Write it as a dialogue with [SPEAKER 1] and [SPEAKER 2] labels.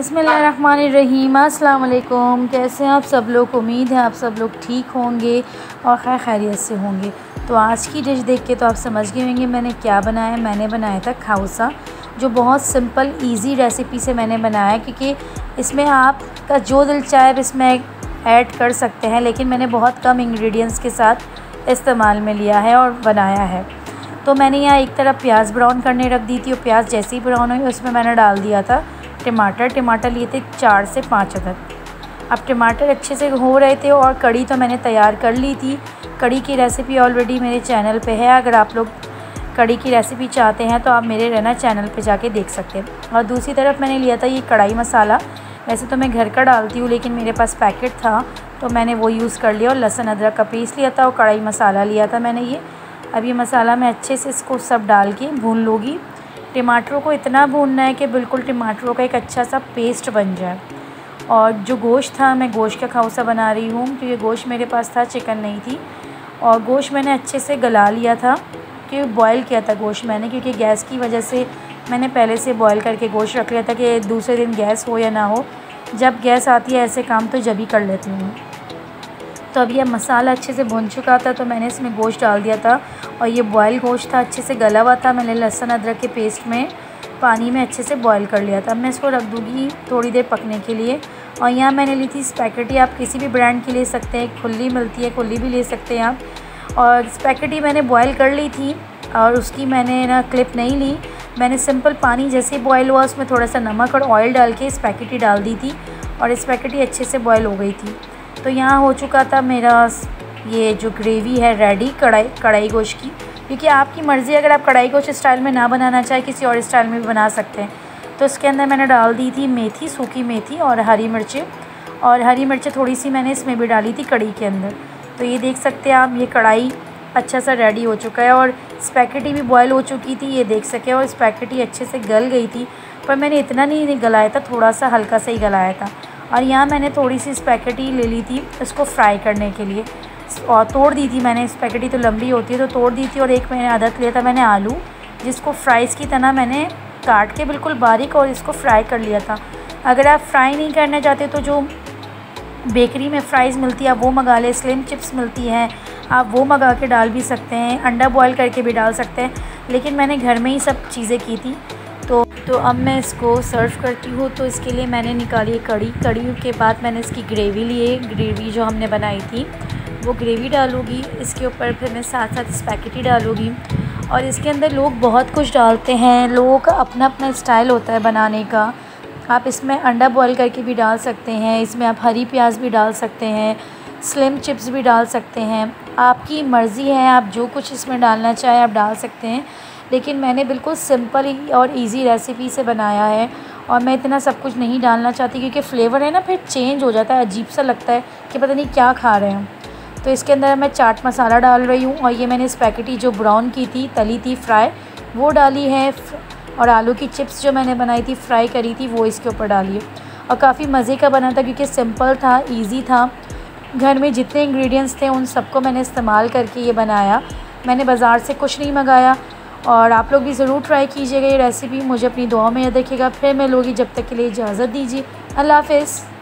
[SPEAKER 1] बसमीम अल्लाम कैसे हैं आप सब लोग उम्मीद है आप सब लोग ठीक होंगे और खैर खैरियत से होंगे तो आज की डिश देख के तो आप समझ गए होंगे मैंने क्या बनाया है मैंने बनाया था खाउसा जो बहुत सिंपल इजी रेसिपी से मैंने बनाया क्योंकि इसमें आपका जो दिल चाहे इसमें ऐड कर सकते हैं लेकिन मैंने बहुत कम इंग्रेडिएंट्स के साथ इस्तेमाल में लिया है और बनाया है तो मैंने यहाँ एक तरफ प्याज ब्राउन करने रख दी थी और प्याज जैसे ही ब्राउन हुई उसमें मैंने डाल दिया था टमाटर टमाटर लिए थे चार से पाँच अदद अब टमाटर अच्छे से हो रहे थे और कड़ी तो मैंने तैयार कर ली थी कड़ी की रेसिपी ऑलरेडी मेरे चैनल पे है अगर आप लोग कड़ी की रेसिपी चाहते हैं तो आप मेरे रहना चैनल पे जाके देख सकते हैं और दूसरी तरफ मैंने लिया था ये कढ़ाई मसाला वैसे तो मैं घर का डालती हूँ लेकिन मेरे पास पैकेट था तो मैंने वो यूज़ कर लिया और लहसन अदरक का पीस लिया था और कढ़ाई मसाला लिया था मैंने ये अब ये मसाला मैं अच्छे से इसको सब डाल के भून लूँगी टमाटरों को इतना भूनना है कि बिल्कुल टमाटरों का एक अच्छा सा पेस्ट बन जाए और जो गोश्त था मैं गोश्त का खाउसा बना रही हूँ क्योंकि तो गोश्त मेरे पास था चिकन नहीं थी और गोश्त मैंने अच्छे से गला लिया था कि बॉयल किया था गोश्त मैंने क्योंकि गैस की वजह से मैंने पहले से बॉयल करके गोश्त रख लिया था कि दूसरे दिन गैस हो या ना हो जब गैस आती है ऐसे काम तो जब ही कर लेती हूँ तो अब यह मसाला अच्छे से भुन चुका था तो मैंने इसमें गोश्त डाल दिया था और ये बॉयल गोश्त था अच्छे से गला हुआ था मैंने लहसुन अदरक के पेस्ट में पानी में अच्छे से बॉयल कर लिया था मैं इसको रख दूँगी थोड़ी देर पकने के लिए और यहाँ मैंने ली थी स्पैकेटी आप किसी भी ब्रांड की ले सकते हैं खुली मिलती है खुली भी ले सकते हैं आप और स्पैकेटी मैंने बॉयल कर ली थी और उसकी मैंने ना क्लिप नहीं ली मैंने सिंपल पानी जैसे ही बॉयल हुआ उसमें थोड़ा सा नमक और ऑयल डाल के स्पैकेटी डाल दी थी और स्पैकेटी अच्छे से बॉयल हो गई थी तो यहाँ हो चुका था मेरा ये जो ग्रेवी है रेडी कढ़ाई कढ़ाई गोश्त की क्योंकि आपकी मर्ज़ी अगर आप कढ़ाई गोश्त स्टाइल में ना बनाना चाहे किसी और स्टाइल में भी बना सकते हैं तो इसके अंदर मैंने डाल दी थी मेथी सूखी मेथी और हरी मिर्चें और हरी मिर्चें थोड़ी सी मैंने इसमें भी डाली थी कढ़ी के अंदर तो ये देख सकते हैं आप ये कढ़ाई अच्छा सा रेडी हो चुका है और स्पैकेटी भी बॉयल हो चुकी थी ये देख सके और स्पैकेटी अच्छे से गल गई थी पर मैंने इतना नहीं गलाया था थोड़ा सा हल्का सा ही गलाया था और यहाँ मैंने थोड़ी सी स्पैकेटी ले ली थी इसको फ्राई करने के लिए और तोड़ दी थी मैंने स्पैकेटी तो लंबी होती है तो तोड़ दी थी और एक मैंने अदरक लिया था मैंने आलू जिसको फ्राइज़ की तरह मैंने काट के बिल्कुल बारीक और इसको फ्राई कर लिया था अगर आप फ्राई नहीं करना चाहते तो जो बेकरी में फ्राइज़ मिलती है आप वो मंगा लें स्लिम चिप्स मिलती हैं आप वो मंगा के डाल भी सकते हैं अंडा बॉयल करके भी डाल सकते हैं लेकिन मैंने घर में ही सब चीज़ें की थी तो तो अब मैं इसको सर्व करती हूँ तो इसके लिए मैंने निकाली कड़ी कड़ी के बाद मैंने इसकी ग्रेवी लिए ग्रेवी जो हमने बनाई थी वो ग्रेवी डालूँगी इसके ऊपर फिर मैं साथ साथ स्पैकेटी डालूँगी और इसके अंदर लोग बहुत कुछ डालते हैं लोगों का अपना अपना स्टाइल होता है बनाने का आप इसमें अंडा बॉईल करके भी डाल सकते हैं इसमें आप हरी प्याज भी डाल सकते हैं स्लिम चिप्स भी डाल सकते हैं आपकी मर्ज़ी है आप जो कुछ इसमें डालना चाहें आप डाल सकते हैं लेकिन मैंने बिल्कुल सिंपल ही और इजी रेसिपी से बनाया है और मैं इतना सब कुछ नहीं डालना चाहती क्योंकि फ्लेवर है ना फिर चेंज हो जाता है अजीब सा लगता है कि पता नहीं क्या खा रहे हैं तो इसके अंदर मैं चाट मसाला डाल रही हूँ और ये मैंने स्पैकेटी जो ब्राउन की थी तली थी फ्राई वो डाली है और आलू की चिप्स जो मैंने बनाई थी फ्राई करी थी वो इसके ऊपर डाली है और काफ़ी मज़े का बना था क्योंकि सिंपल था इजी था घर में जितने इंग्रेडिएंट्स थे उन सबको मैंने इस्तेमाल करके ये बनाया मैंने बाज़ार से कुछ नहीं मंगाया और आप लोग भी ज़रूर ट्राई कीजिएगा ये रेसिपी मुझे अपनी दुआ में याद रखिएगा फिर मैं लोगी जब तक के लिए इजाज़त दीजिए अल्लाह हाफिज़